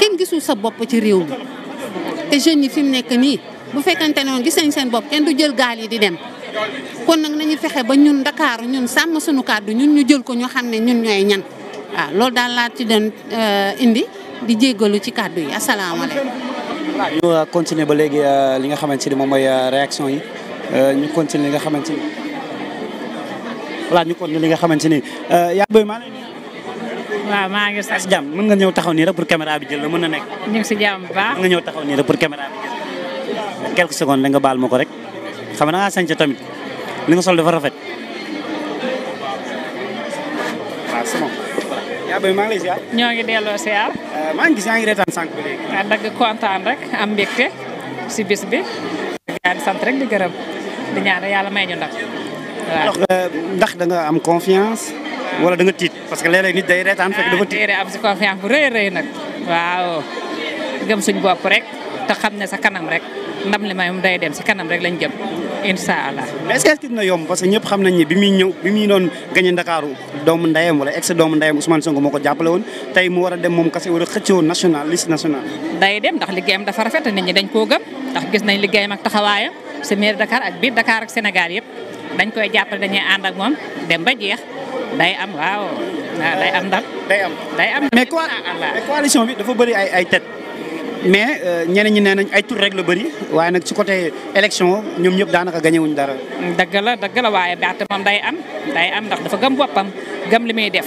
kenn gisul sa bopp ci réew mi te jeunes yi fi mu nekk nii bu fekkante noonu gis nañ seen bopp kenn du jël gaal yi di dem kon nag nañu fexe ba ñun Dakar ñun sàmm suñu kàddu ñun ñu jël ko ñoo xam ne ñun ñooy ñan waaw loolu daal laa ci doon euh, indi di jéggalu ci kàddu yi asalaamaaleykum. ñu euh, continuer ba léegi euh, li nga xamante ni moom mooy réaction yi ñu continue li nga xamante ni voilà ñu continuer li nga xamante ni. waaw maa ngi sant jàmm mën nga ñëw taxaw nii rek pour caméra bi jël la mën na nekk. ñu ngi si jàmm bu baax mën nga ñëw taxaw nii rek pour caméra bi jël la. quelques secondes la nga baal ma ko rek xam nga da ngaa sañca tamit li nga sol dafa rafet. waaw sama. yaa bay ngi lay ziar. ñoo ngi delloo euh, maa ngi gis yaa ngi reetaan sànq ba léegi. dagg kontaan rek am mbégte si bis bi. yaa ngi sant rek di gërëm di ñaan yàlla may ñu ndax. Euh, ndax da am confiance. wala da nga tiit parce que léeg-léeg nit day reetaan fekk dafa ah, tiit am si confiance bu rëy rëy nag waaw gëm suñ bopp rek te xam ne sa kanam rek ndam li may moom day dem si kanam rek lañ jëm incha allah. mais est na yoom dina yomb parce que ñëpp xam nañ ni bi muy ñëw bi muy doon gagné Ndakaaru doomu ndayam wala ex doomu ndayam Ousmane Sonko moo ko jàppale woon tey mu war a dem moom kase war a xëccoo national liste national. day dem ndax liggéeyam dafa rafet nit ñi dañ koo gëm gis nañ liggéeyam ak taxawaayam si ak biir Dakar Sénégal yëpp dañ koy jàppale dañuy ànd ak moom dem ba day am waaw day am ndam. day am day mais coalition bi dafa bëri ay ay tête mais euh, ñeneen ñi nee nañ ay tur rek la bëri waaye nag ci côté élection ñoom ñëpp daanaka gagné wuñ dara. dëgg la dëgg waaye baat moom day am day am ndax dafa gëm boppam gëm li may def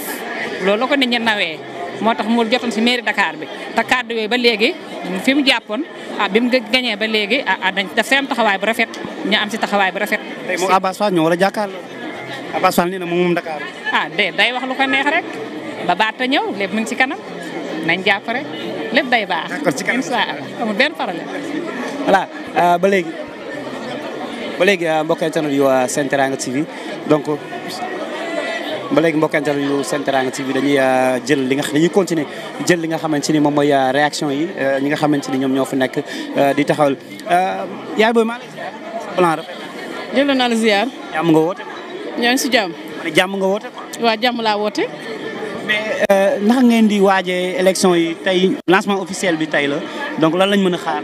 loolu la ko nit ñi nawee moo tax mu jotoon si mairie Dakar bi te kàddu yooyu ba léegi fi mu jàppoon a ah, bi mu gagné ba léegi a ah, ah, dañ daf see am taxawaay bu rafet ñu am si taxawaay bu rafet. tey moom Abass Fall war a jàkkaarloo Abass Fall nee na moom moom Dakar. a ah, de day wax lu ka neex rek ba baata ñëw lépp mu ngi ci kanam nañ jàpp rek lépp day baax. d'accord ci kanam incha allah amul benn problème. voilà euh, ba léegi ba léegi euh, mbokk internet yu euh, Sen Teranga TV donc ba léegi mbokk internet yu Sen Teranga TV dañuy jël li nga dañuy continuer jël li nga xamante ni moom mooy réaction yi ñi nga xamante ni ñoom ñoo fi nekk di taxawal. yaay booy maa ngi lay ziar. jël naa ñoo ngi si jàmm. jàmm nga woote waa waaw jàmm laa woote. mais euh, naka ngeen di waajee élection yi tey lancement officiel bi tey la donc lan lañ mën a xaar.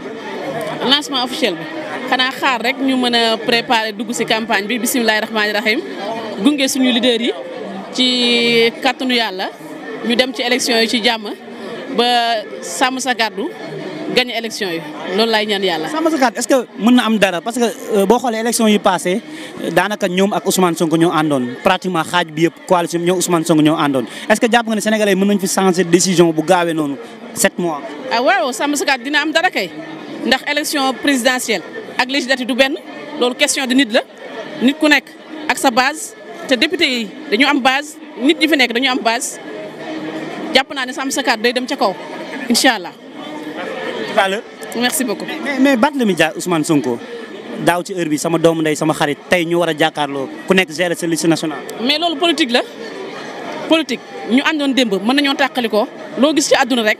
lancement officiel bi xanaa xaar rek ñu mën a préparer dugg si campagne bi bisimilah rahmaani rahim gunge suñu leader yi ci kàttanu yàlla ñu dem ci élection yi ci jàmm ba sàmm sa gàddu. gagné élection yi loolu laay ñaan yàlla. Samba Sakkat est-ce que mën na am dara parce que euh, boo xoolee élection yi passé daanaka ñoom ak Ousmane Sonko ñoo àndoon pratiquement xaaj bi yëpp coalition bi ñoom Ousmane Sonko ñoo àndoon est-ce que jàpp nga ne fi changer décision bu gaawee noonu sept mois. ah waaw Samba Sakkat dina am dara kay ndax élection présidentielle ak législative du benn loolu question de nit la nit ku nekk ak sa base te député yi dañu am base nit ñi fi nekk dañu am base jàpp naa ne Samba Sakkat day dem ca kaw incha allah. tout à l'heure merci beaucoup. mais mais Barthélémy Dias Ousmane daaw ci heure bi sama doom ndey sama xarit tey ñu war a jàkkaarloo ku nekk gérer sa liste nationale. mais loolu politique la politique ñu àndoon démb mën nañoo tàqali ko loo gis ci àdduna rek.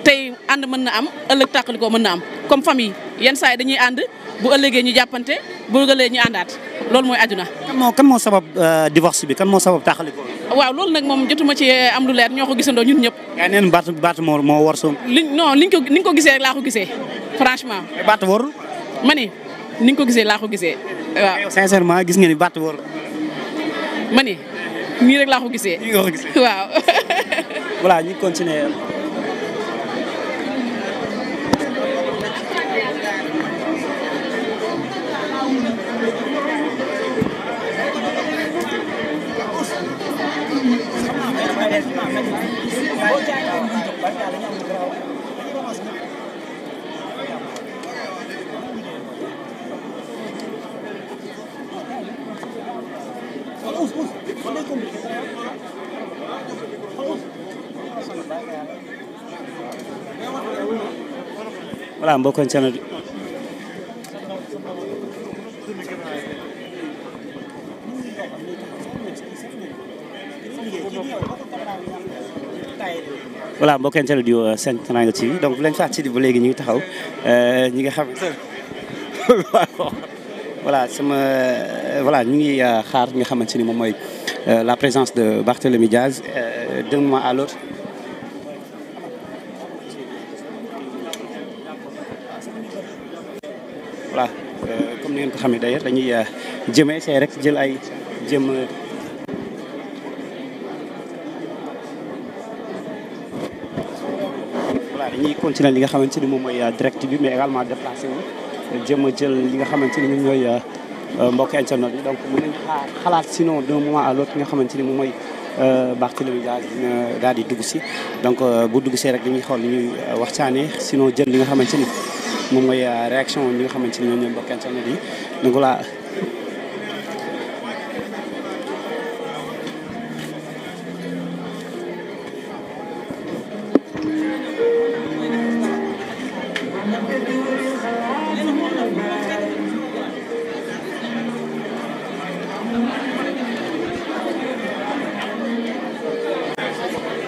tey ànd mën na am ëllëg tàqalikoo mën na am comme famille yenn saa yi dañuy ànd bu ëllëgee ñu jàppante bu ëllëgee ñu àndaat loolu mooy àdduna. kan moo kan moo sabab euh, divorce bi kan moo sabab tàqalikoo. waaw loolu nag moom jotuma ci euh, am lu leer ñoo ko gisandoo ñun ñëpp. yaa neen baat baat moo moo war soom. li non ko ni nga ko gisee rek laa ko gisee franchement. mais baat warul. ma ni ni ko gisee laa ko gisee. waaw gis nga ni baat ma ni nii rek laa ko gisee. nii nga ko gisee waaw. voilà ñu continuer. voilà mbokkoon seen voilà mbokk internet yu Sen Teranga TV donc bu leen fàttali ba léegi ñu ngi taxaw euh, ñi nga xam voilà sama euh, voilà ñu ngi euh, xaar nga xamante ni moom mooy euh, la présence de Barthélémy Diaz d'un moment à l'autre voilà comme ni ngeen ko xamee d'ailleurs dañuy jëmee see rek jël ay jëm voilà dañuy continuer li nga xamante ni moom mooy direct bi mais également déplacé wu jëmm jël li nga xamante ni ñun ñooy euh, mbokk internet yi donc mën nañ xalaat sinon d'un mois à l'autre li nga xamante ni moom mooy euh, Barthélémy daal dina daal di dugg si donc euh, bu dugg see rek dañuy xool li ñuy sinon jël li nga xamante ni moom mooy réaction ñi nga xamante ni ñoom ñooy mbokk internet yi donc voilà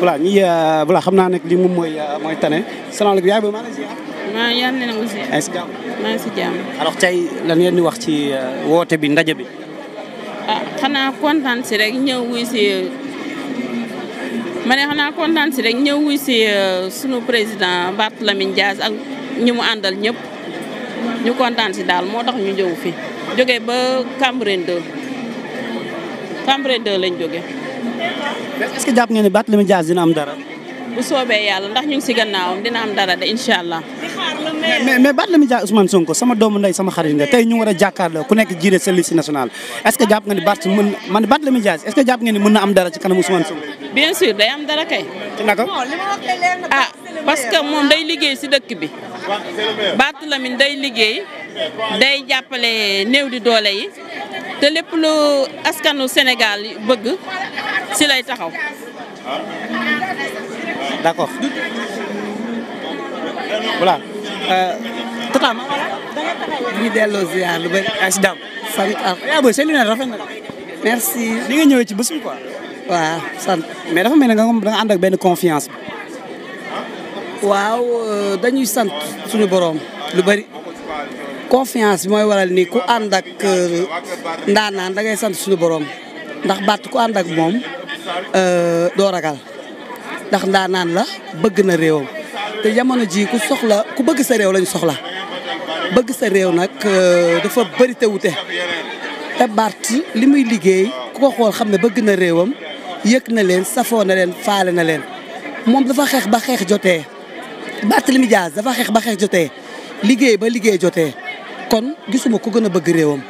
voilà ñi euh, voilà xam naa nag li moom mooy euh, mooy tane salaamaaleykum yaay booy maa ngi lay ziar. maa ngi yàlla na si jàmm. maa si jàmm. alors tey lan ngeen di wax ci euh, woote bi ndaje bi. ah xanaa kontaan si rek ñëw wuy si ma ne xanaa kontaan si rek ñëw wuy si sunu président Barthélémy Dias ak ñi mu àndal ñëpp ñu kontaan si daal moo tax ñu ñëw fi jóge ba Cambérène 2 lañ jógee. est-ce que jàpp ngeen ne Barthélémy Dias dina am dara. bu soobee yàlla ndax ñu ngi si gannaawam dina am dara de incha allah. mais mais Barthélémy Dias Ousmane Sonko sama doomu ndey sama xarit nga tey ñu war a jàkkaarloo ku nekk jiite sa liste nationale jàpp nga ni man Barthélémy Dias est-ce que jàpp ngeen ni na am dara ci kanam Ousmane Sonko. bien sûr day am dara kay. ci naka parce que moom day liggéey si dëkk bi baatu Barthélémy day liggéey day jàppale néew di doole yi te lépp lu askanu Sénégal bëgg si lay taxaw. d'accord voilà. Euh, tata maa ngi delloo ziar lu bëri si jàmm. sant ak ah, rafet na merci. ni nga ñëwee ci bés bi quoi. waaw sant mais dafa mel ne nga moom nga ànd ak benn confiance waaw euh, dañuy sant suñu boroom lu bari confiance bi mooy waral ni ku ànd ak euh, ndaanaan dangay sant suñu boroom ndax baat ku ànd ak moom euh, doo ragal ndax ndaanaan la bëgg na réewam te jamono ji ku soxla ku bëgg sa réew lañu soxla bëgg sa réew nag dafa bëri te wute te Bart li muy liggéey ku ko xool xam ne bëgg na réewam yëkk na leen safoo na leen faale na leen moom dafa xeex ba xeex jotee Barthélemy Dias dafa xeex ba xeex jotee liggéey ba liggéey jotee kon gisuma ku gën a bëgg réewam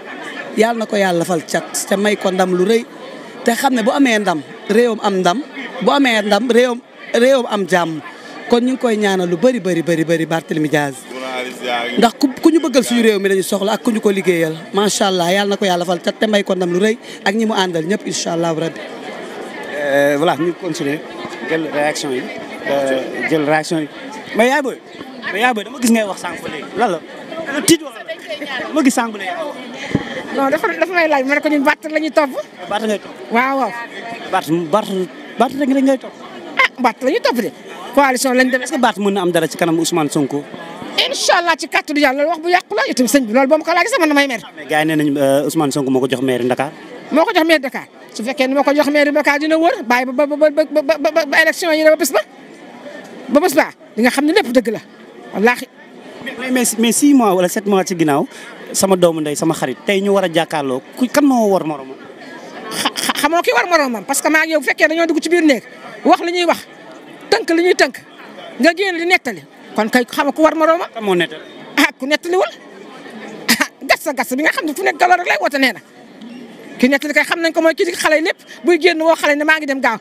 yàlla na ko yàlla fal cat te may ko ndam lu rëy te xam ne boo amee ndam réewam am ndam bu amee ndam réewam réewam am jàmm kon ñu ngi koy ñaanal lu bari bëri bëri bëri Barthélemy Dias ndax ku ñu bëggal suñu réew mi lañu soxla ak ku ñu ko liggéeyal macha allah yàlla na ko yàlla fal cat te may ko ndam lu rëy ak ñi mu àndal ñëpp incha allah rabbi euh, voilà ñu continuer jël réaction yi euh, mais yaay booy mais yaay booy dama gis ngay wax sànq ba léegi lan la tiit wala dama gis sànq ba léegi. non dafa dafa may laaj ma ne ko ñun Bart la ñuy topp. Bart ngay topp waaw waaw. Bart Bart Bart rek rek ngay topp. Ah, la de. coalition lañ dem est mën na am dara ci kanam Ousmane Sonko. incha allah ci kàttanu yàlla loolu wax bu yàqu la itam sëñ bi loolu boo ma ko laajee sama damay mer. Ah, mais gars yi nee nañu euh, moo ko jox maire Dakar. moo ko jox maire Dakar su fekkee ni moo ko jox maire ba dina wër bàyyi ba ba ba ba ba élection yi ba bis ba bés ba di nga xam ne lépp dëgg la wallaahi. mais mais six mois wala sept mois ci ginnaaw sama doom ndey sama xarit tey ñu war a jàkkaarloo ku kan moo war moromam. xamoo ki war moromam parce que maa ngi yow bu fekkee dañoo dugg ci biir néeg wax li ñuy wax tënk li ñuy tënk nga génn di nettali kon kay xamoo ku war moromam. kan moo nettali ah ku nettaliwul ah gas gas bi nga xam ne fu nekk galo rek lay woote nee na ki nettali kay xam nañ ko mooy kii xale yi lépp buy génn woo xale ne maa ngi dem gaaw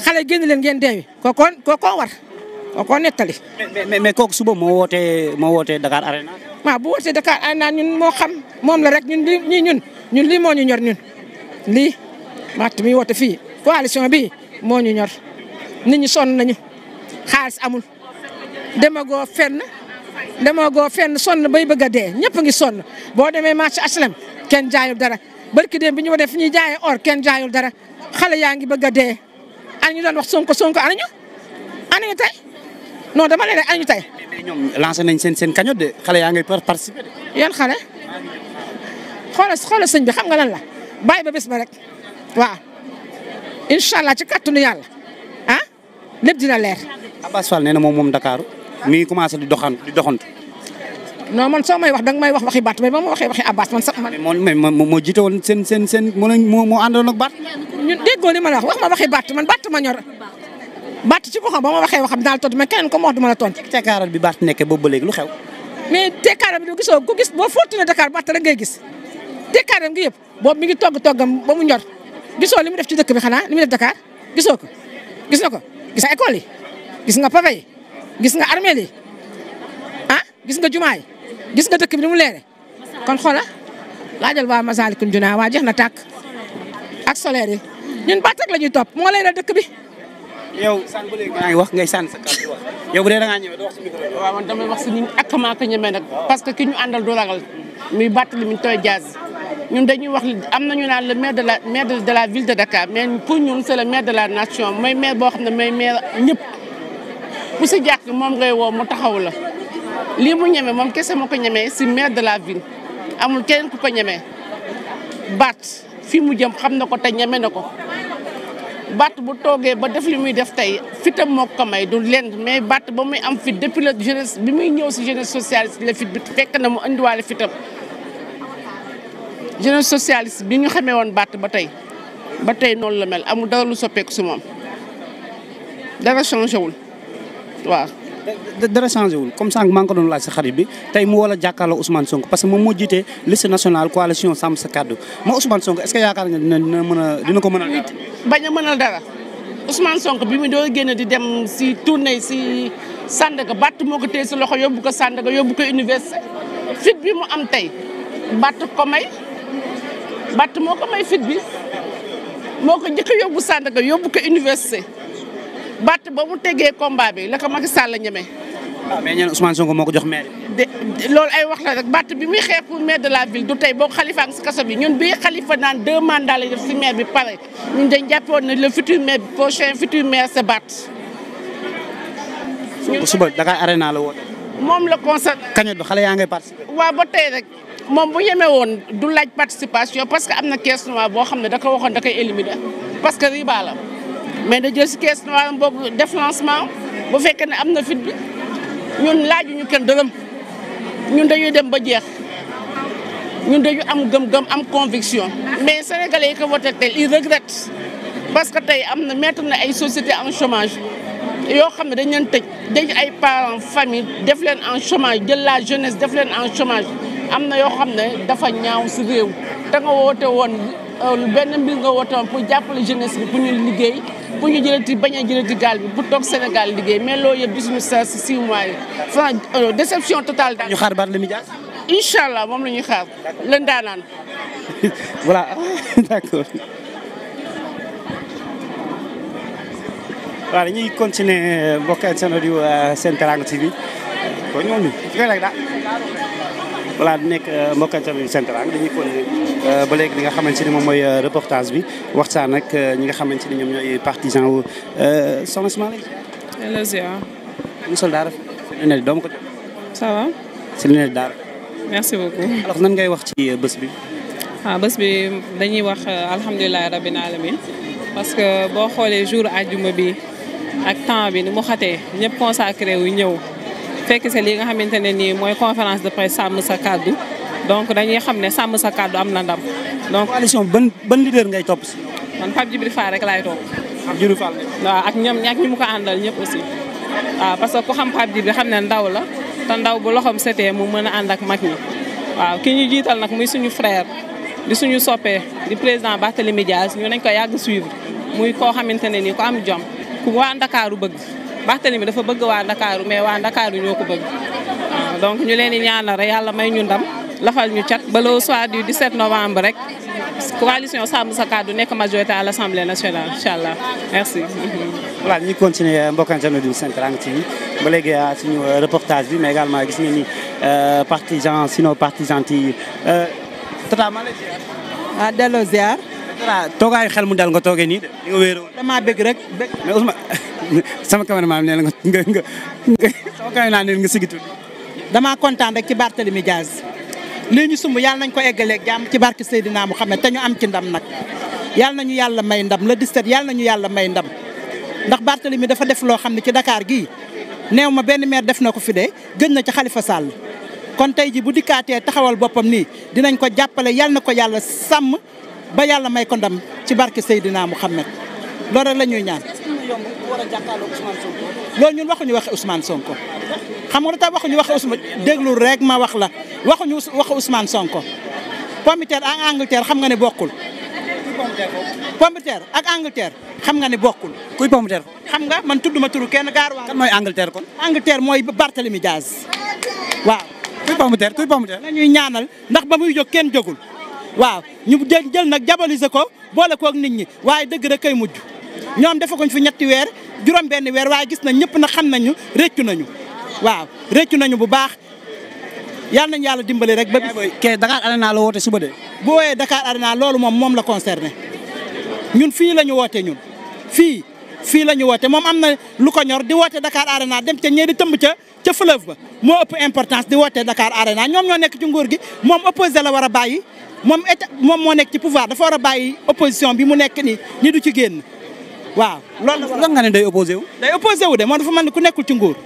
xale génn leen ngeen deewi kookoo kookoo war. moo ko nettali. mais mais mais kooku suba moo wootee moo wootee Dakar Arena. waaw bu wootee Dakar Arena ñun moo xam moom la rek ñun lii ñun ñun lii moo ñu ñor ñun lii Matt mi woote fii coalition bi moo ñu ñor nit ñi sonn nañu xaalis amul demagoo fenn demagoo fenn sonn bay bëgg a dee ñëpp ngi sonn boo demee marché HLM kenn jaayul dara barki dem bi ñu ko def fu ñuy jaayee or kenn jaayul dara xale yaa ngi bëgg a dee. ana ñu doon wax Sonko Sonko ana ñu ana ñu tey. non dama leen añu tey. mais ñoom lancé nañ seen seen cagnotte de xale yaa ngay participer de. yan xale xoolal xoolal sëñ bi xam nga lan la bàyyi ba bés ba rek waaw incha allah ci kàttanu yàlla ah lépp dina leer. Abass Fall nee na moom moom Dakar mi ngi di doxantu di doxantu. non man soo may wax danga may wax waxi Baat ba ma waxee waxi man sax man. mais moo moo jiite woon seen seen seen moo moo àndoon ak Baat. ñun déggoo li wax wax ma waxi Baat man Baat ma ñor. Bart ci boppam ba ma waxee waxam daal tontu mais keneen ko ma wax du ma la tontu. tekkaaral bi Bart nekkee boobu ba léegi lu xew. mais tekkaaral bi du gisoo ku gis boo fortune Dakar Bart rek ngay gis tekkaaram gi yëpp boobu mi ngi togg toggam ba mu ñor gisoo li mu def ci dëkk bi xanaa li mu def Dakar gisoo ko gis na ko gis nga école yi gis nga pavé yi gis nga armée yi ah gis nga jumaa yi gis nga dëkk bi ni mu leere kon xoola laajal waa Masaalikul Jinaan waa jeex na tàkk ak solaire yi ñun Bart rek la ñuy topp moo leeral dëkk bi. yow maa ngi wax ngay sànni sa kàddu wax yow bu dee da ngaa ñëwee doo wax ci micro bi. waaw si ñun ak maa ko nag. parce que ki ñu àndal du ragal muy Barthélémy Toye Dias ñun dañuy wax am nañu naan le maire de la maire de la ville de Dakar mais pour ñun c'est le maire de la nation mooy maire xam ne mooy ñëpp ku si jàkk moom ngay woo mu taxaw la. lii mu ñeme moom kese ma ko ñeme si maire de la ville amul keneen ku ko ñeme Bart fi mu jëm xam na ko te ñeme na ko. Batt bu toogee ba def li muy def tey fitam moo ko may du lenn mais baat ba muy am fit depuis la jeunesse bi muy ñëw si jeunesse socialiste la fit bi fekk na mu indiwaale fitam jeunesse socialiste bi ñu xamee woon baat ba tey ba tey noonu la mel amul dara lu soppeeku si moom dara changé wul waaw. dara changé wul comme sànq maa ngi doon laaj sa xarit bi tey mu wala jàkkaarloo Ousmane Sonko parce que moom moo jiite liste nationale coalition sàmm sa kàddu ma Ousmane Sonko est-ce que yaakaar nga dina dina mën a dina ko mën a. bañ a mënal dara Ousmane Sonko bi mu doon génn di dem si tournée si Sandaga bàtt moo ko téye si loxo yóbbu ko Sandaga yóbbu ko université fit bi mu am tey bàtt ko may bàtt moo ko may fit bi moo ko njëkk a yóbbu Sandaga yóbbu ko université. bàtt ba mu tegee combat bi la ko Macky Sall ñeme. waaw ah, mais ñenn Ousmane Sonko moo ko jox maire. de loolu ay wax la rek bàtt bi muy xeex pour maire de la ville du tey boo xalifa ak si kaso bi ñun bii xalifa naan deux mandats la def si maire bi pare ñun dañ jàppoon ne le futur maire prochain futur maire sa bàtt. ñun suba Dakar Arena la woon. moom la constat. kañu du xale yaa ngay participer. waaw ba tey rek moom bu ñeme woon du laaj participation parce que am na caisse boo xam ne da waxoon da koy éliminer parce que riba mais da jël si caisse noire boobu def bu fekkee ne am na fit bi ñun ñu kenn dërëm ñun dañuy dem ba jeex ñun dañu am gëm-gëm am conviction. mais sénégalais yi ko voté tey ils regrettent parce que tey am na mettre na ay société en chômage yoo xam ne dañ leen tëj dañ ay parents famille def leen en chômage jël la jeunesse def leen en chômage am na yoo xam ne dafa ñaaw si réew. te nga woote woon lu euh, benn mbir nga woote woon pour jàppale jeunesse bi pour ñu liggéey. bu ñu jëlati bañ a jëlati gaal bi bu toog Sénégal liggéey mais loolu yëpp gisuñu sa si six mois yi enfin euh, déception totale daal. ñu xaar Barthélémy Dias. incha allah moom la ñuy xaar. lan daanaan. voilà d'accord. waaw dañuy continuer euh, mbokk ak seen audio Sen Teranga TV. kon ñooñu. voilà di nekk euh, mbokk yi seen teraanga dañuy continuer euh, ba léegi li nga xamante ni moom mooy euh, reportage bi waxtaan ak ñi nga xamante ni ñoom ñooy partisan wu soxna si maa ngi lay. ñu sol daara ne doomu ko jot. ça va. si li merci beaucoup. alors nan ngay wax ci bés bi. ah bés bi dañuy wax alhamdulilah rabbil alamin parce que boo xoolee jour àjjuma bi ak temps bi ni mu xatee ñëpp consacré ñëw. fekk se li nga xamante ne nii mooy conférence de presse sàmm sa kàddu donc dañuy xam ne sàmm sa kàddu am na ndam. donc coalition ban ban leader ngay topp si. man Pape Djibril rek laay topp. Pape Djibril Fall ak ñoom ñaak ñi mu ko àndal ñëpp aussi. waaw parce que ku xam Pape Djibril xam ne ndaw la te ndaw bu loxoom setee mu mën a ànd ak mag ñi waaw ki ñu jiital nag muy suñu frère di suñu soppee di président Barthélémy Dias ñu nañ ko yàgg suivre muy koo xamante ne nii ku am jom ku waa Ndakaaru bëgg. Barthélemy dafa bëgg waa Ndakaaru mais waa Ndakaaru ñoo ko bëgg donc ñu leen di ñaanal rek yàlla may ñu ndam lafal ñu cat ba le soir du 17 novembre rek coalition Sàmm Sa Kàddu nekk majorité à l'Assemblée nationale incha allah merci. voilà ñu continuer euh, mbokk internet du Sen Teranga TV ba léegi euh, suñu euh, reportage bi mais également gis ngeen ni partisans sinon partisans yi Tata maa lay ziar. ah delloo ziar. Tata xel mu dal nga toogee nii damaa bëgg rek sama cameraman nee na nga nga nga sama cameraman nee na nga sigitu damaa kontaan rek ci Barthélemy Diaz lii ñu sumb yàlla nañ ko eggaleeg jàmm ci barke Seydina Mouhamed te ñu am ci ndam nag yàlla nañu yàlla may ndam le 17 yàlla nañu yàlla may ndam ndax mi dafa def loo xam ne ci Dakar gi neew ma benn maire def na ko fi de gën na ci Khalifa Sall kon tey ji bu dikkaatee taxawal boppam nii dinañ ko jàppale yàlla na ko yàlla sàmm ba yàlla may ko ndam ci barke Seydina Mouhamed loolu rek la ñuy ñaan yomb a jàkkaarloo Ousmane Sonko. loolu ñun waxuñu waxe Ousmane Sonko xam nga lu tax waxuñu waxe Ousmane rek ma wax la waxuñu waxe Ousmane Sonko pompiteer ak Angleterre xam nga ne bokkul. pompiteer ak Angleterre xam nga ne bokkul. kuy pompiteer xam nga man tudd ma turu kenn gaaruwaa. kan mooy Angleterre kon. Angleterre mooy Barthélemy Diaz waaw. kuy pompiteer kuy pompiteer. nañuy ñaanal ndax ba muy jóg kenn jógul waaw ñu jël nag jabaliser ko boole kook nit ñi waaye dëgg kay mujj. ñoom defaguñ fi ñetti weer juróom benn weer waaye gis nañ ñëpp na xam nañu rëccu nañu waaw rëccu nañu bu baax yàlla nañu yàlla dimbali rek ba ke Dakar Arena la woote suba de boo wooyee Dakar Arena loolu moom moom la concerné ñun fii la ñu woote ñun fii fii la ñu woote moom am na lu ko ñor di woote Dakar Arena dem ca ñee di tëmb ca ca fleuve ba moo ëpp importance di woote Dakar Arena ñoom ñoo nekk ci nguur gi moom opposé la war a bàyyi moom état moom moo nekk ci pouvoir dafa war a bàyyi opposition bi mu nekk nii ñi du ci génn waaw loolu la nga ne day opposé wu. day opposé wu de moom dafa mal ni ku nekkul ci nguur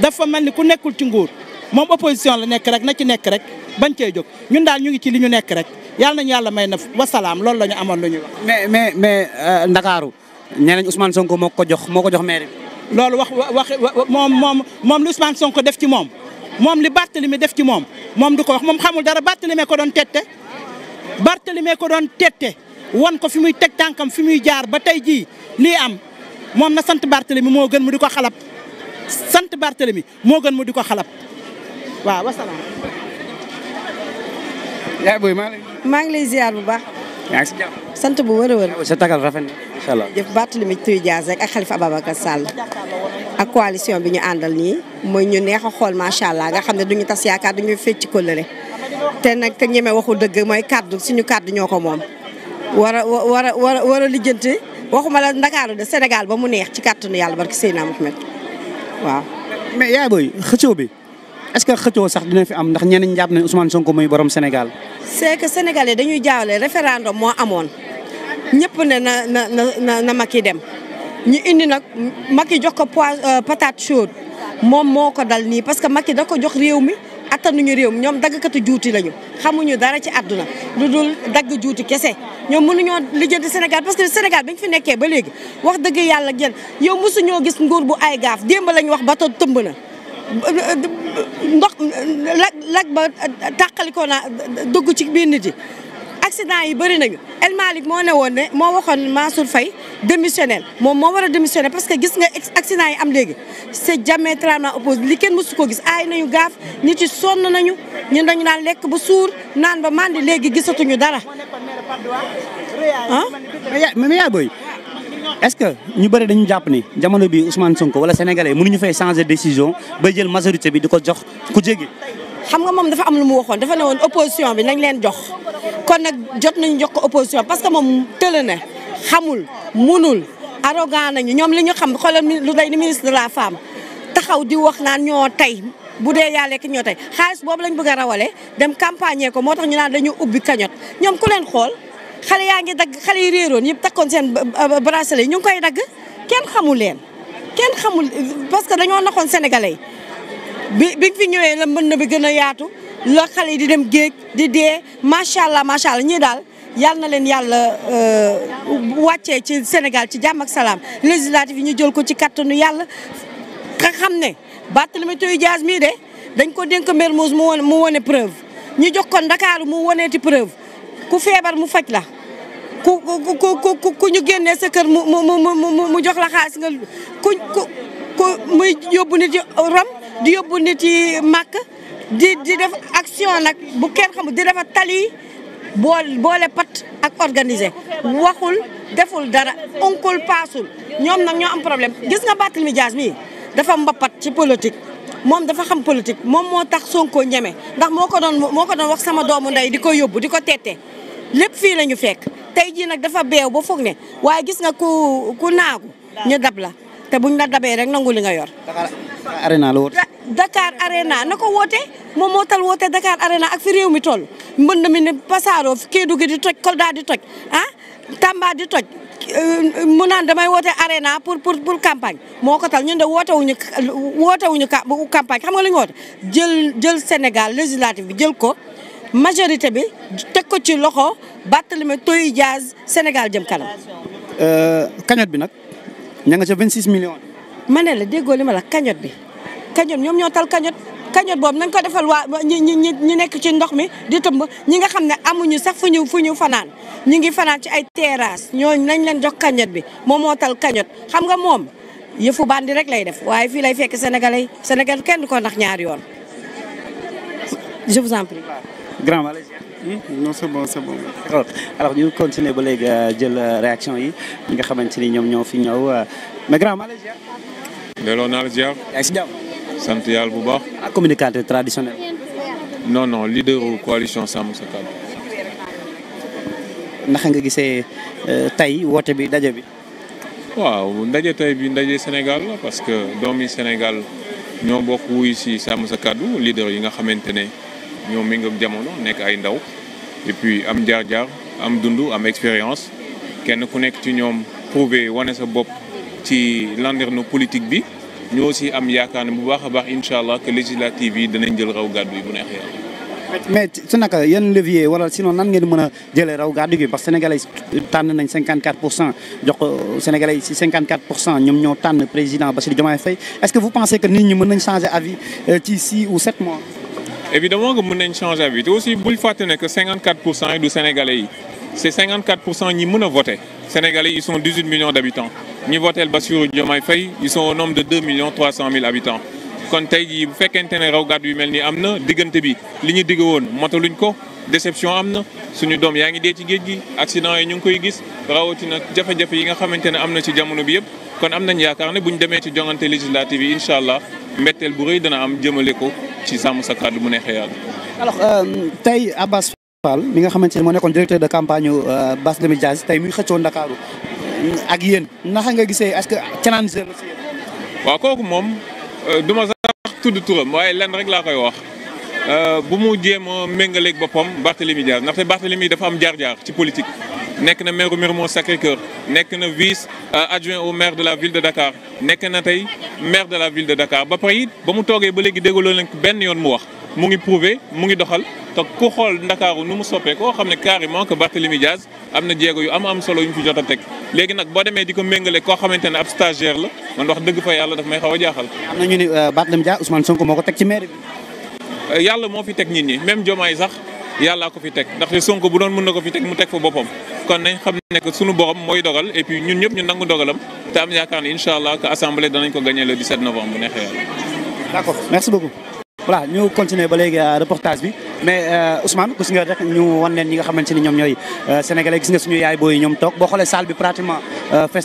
dafa mel ni ku nekkul ci nguur moom opposition la nekk rek na ci nekk rek bañ cee jóg ñun daal ñu ngi ci li ñu nekk rek yàlla nañu yàlla may na wasalaam loolu la ñu amoon lu ñuy mais mais mais euh, Ndakaaru nee nañ Ousmane Sonko moo ko jox moo ko jox maire bi. loolu wax wax moom moom moom li Ousmane Sonko def ci moom moom li Barthélemy def ci moom moom du ko wax moom xamul dara Barthélemy ko doon tette Barthélemy ko doon tette. wan ko fi muy teg tànkam fi muy jaar ba tey jii lii am moom na sant Barthélemy moo gën mu di ko xalab sant Barthélemy moo gën mu di ko xalab waaw wasalaam. yaay maa ngi lay. maa bu baax. yaa si jàmm. sant bu wër a wër. sa tagal rafet na incha allah. jëf Barthélemy Tuy Dias rek ak Khalifa coalition bi ñu àndal nii. mooy ñu neex a xool macha allah nga xam ne duñu tas yaakaar duñu fecc kóllëre. te nag ñeme waxu dëgg mooy kàddu suñu kàddu ñoo ko moom. war a war a war a war a lijjante waxuma la Ndakaaru de Sénégal ba mu neex ci kàttanu yàlla barki Seydina Mouhamed waaw. mais yaay booy xëccoo bi est-ce que xëccoo sax dina fi am ndax ñenn ñi jàpp nañu Ousmane Sonko muy borom Sénégal. c'est que sénégalais dañuy jaawale référendum moo amoon ñëpp ne na na na na dem ñu indi nag Macky jox ko pois euh, patate chaude moom moo ko dal nii parce que Macky da ko jox réew mi. attanuñu réew mi ñoom daggkatu juuti lañu xamuñu dara ci àdduna lu dul dagg juuti kese ñoom mënuñoo lijjanti Sénégal parce que Sénégal bi ñu fi nekkee ba léegi wax dëgg yàlla jël yow mosuñoo gis nguur bu ay gaaf démb lañ wax bato tëmb na ndox lag lag ba tàqalikoo naa dugg ci biir nit yi accident yi bëri nañu El Malick moo ne woon ne moo waxoon Mansour Faye démissionnel moom moo war a démissionner parce que gis nga accident yi am léegi c'est diamétralement opposé li kenn mësu ko gis aay nañu gaaf nit yi sonn nañu ñun dañu naan lekk ba suur naan ba mandi léegi gisatuñu dara ah mais est-ce que ñu bëri dañu jàpp ni jamono bi Ousmane Sonko wala sénégalais ñu fay changer décision ba jël majorité bi di ko jox ku jéggi xam nga moom dafa am lu mu waxoon dafa ne woon opposition bi nañ leen jox kon nag jot nañ jox ko opposition parce que moom tële na xamul munul arrogant nañu ñoom li ñu xam xoolal lu day ni ministre de la femme taxaw di wax naan ñoo tey bu dee yaa lekk ñoo tey xaalis boobu lañ bëgg a rawale dem campagne ko moo tax ñu naan dañu ubbi cagnotte ñoom ku leen xool xale yaa ngi dagg xale yi réeroon yëpp takkoon seen bracelet yi ñu ngi koy dagg kenn xamul leen kenn xamul parce que dañoo naxoon sénégalais yi bi bi fi ñëwee la mbënd bi gën a yaatu la xale yi di dem géej di dee macha allah macha allah ñii daal yal na leen yàlla euh, wàccee ci Sénégal ci jàmm ak salaam législative ñu jël ko ci kàttanu yàlla nga xam ne Barthélémy Dias mii de dañ ko dénk Mermoz mu wone mu wone preuve ñu jox ko Ndakaaru mu woneeti preuve ku feebar mu faj la ku ñu génnee sa kër mu mu mu mu jox la xaalis nga ku ku muy yóbbu nit yi di yóbbu nit yi màkk di di def action nag bu kenn xamul di dafa tali bool boole pat ak organisé waxul deful dara onkul paasul ñoom nag ñoo am problème gis nga Barthélémy Dias mii dafa mbappat ci politique moom dafa xam politique moom moo tax Sonko ñeme ndax moo ko doon moo ko doon wax sama doomu ndey di ko yóbbu di ko teete lépp fii la ñu fekk tey jii nag dafa beew ba foog ne waaye gis nga ku ku naagu ñu dab la te buñ la dabee rek nangu li nga yor Dakar Arena la woote. Dakar Arena na ko woote moom moo tal woote Dakar Arena ak fi réew mi toll mën na mi ne Passaro Kédougou di toj Kolda di toj ah Tamba di toj euh, mu naan damay woote Arena pour pour pour campagne moo ko tal ñun de woote wuñu woote wuñu campagne xam nga lu ñu woote jël jël Sénégal législative bi jël ko majorité bi teg ko ci loxo Barthélémy Dias Sénégal jëm kanam. Euh, cagnotte bi nag ña nga ca 26 millions. ma ne la déggoo li ma la cagnotte bi cagnotte ñoom ñoo tal cagnotte cagnotte boobu nañ ko defal waa ñi ñi ñi nekk ci ndox mi di tëmb ñi nga xam ne amuñu sax fu ñu fu ñu fanaan ñu ngi fanaan ci ay teraas ñooñu nañ leen jox cagnotte bi moom moo tal xam nga moom yëfu bandi rek lay def waaye fii lay fekk sénégalais sénégal kenn ko ndax ñaar yoon je vous en prie. grand malaise. Hmm? non alors ñu continuer ba léegi euh, jël euh, réaction yi nga xamante ni ñoom ñoo fi ñëw euh, mais grand malaise. delloo naa la ziar. bu baax. ak communicateur traditionnel. non non leaderu coalition Sàmm Sa Kàddu. ndax nga gisee euh, tey woote bi ndaje bi. waaw ndaje tey bi ndaje Sénégal parce que doomi Sénégal ñoo bokk wuy si Sàmm Sa Kàddu leader yi nga xamante ne ñoo méngoog jamono nekk ay ndaw et am jaar-jaar am dundu am expérience kenn ku nekk ci ñoom prouver wane sa bopp. ci landerneau politique bi ñu aussi am yaakaar ne bu baax a baax incha allah que législative yi danañ jël raw gàddu yi bu neexee yàlla. mais su naka yan levier wala sinon nan ngeen mën a jëlee raw gàddu gi parce que sénégalais tànn nañ 54 pour cent jox ko sénégalais si 54 pour cent ñoom ñoo tànn président Bassirou Diomaye Faye est-ce que vous pensez que nit ñi mën nañ changer avis euh, ci 6 ou 7 mois. évidemment que mën nañ changer avis te aussi bul fàtte ne que 54 pour cent pour cent ñi mën a voter. Sénégalais, ils sont 18 millions d'habitants. ñi voteel Bassirou Diomaye Faye ils sont au nombre de 2 habitants kon tey jii bu fekkente ne raw gàddu yu mel nii am na diggante bi li ñu digg woon motaluñ ko déception am na suñu doom yaa ngi dee ci géej gi accident yi ñu ngi koy gis rawatina jafe-jafe yi nga xamante ne am na ci jamono bi yëpp kon am nañ yaakaar ne bu ñu demee ci jongante législative yi incha allah mbetteel bu rëy dana am jëmale ko ci sàmm sa kàddu mu neexee yàlla. alors euh, Fall mi nga xamante ne moo nekkoon directeur de campagne yu euh, Barthélémy Dias tey muy xëccoon Ndakaaru ak yéen naka nga gisee est-ce que challenge la si waaw kooku moom euh, du ma sax tudd turam waaye lenn rek laa koy wax euh, bu mu jéem a méngaleeg boppam Barthélémy Dias ndaxte Barthélémy dafa am jaar-jaar ci politique. nekk na maire Mermoz Sacré-Cœur nekk na vice adjoint au maire de la ville de Dakar nekk na tey maire de la ville de Dakar ba pare it ba mu toogee ba léegi déggaloo leen benn yoon mu wax. mu ngi prouvé mu ngi doxal te ku xool ndakaaru nu mu soppee koo xam ne carrément que Barthélemy am na jéego yu am am solo yu ñu fi jot a teg léegi nag boo demee di ko méngale koo xamante ne ab stagiaire la man wax dëgg fa daf may xaw a jaaxal. na ñu ne euh, Barthélemy Diaz Ousmane Sonko moo ko teg ci maire euh, yàlla moo fi teg nit ñi même Diomaye sax yàllaa ko fi teg ndaxte Sonko bu doon mun na ko fi teg mu teg fa boppam kon nañ xam ne que sunu borom mooy dogal et puis ñun ñëpp ñu nangu dogalam te am yaakaar ne incha allah que assemblée danañ ko gagné le 17 novembre bu voilà ñu continuer ba léegi euh, reportage bi mais euh, Ousmane gis nga rek ñu wan leen ñi nga xamante ni ñoom ñooy euh, sénégalais gis nga suñu yaay booy ñoom toog boo xoolee salle bi pratiquement fees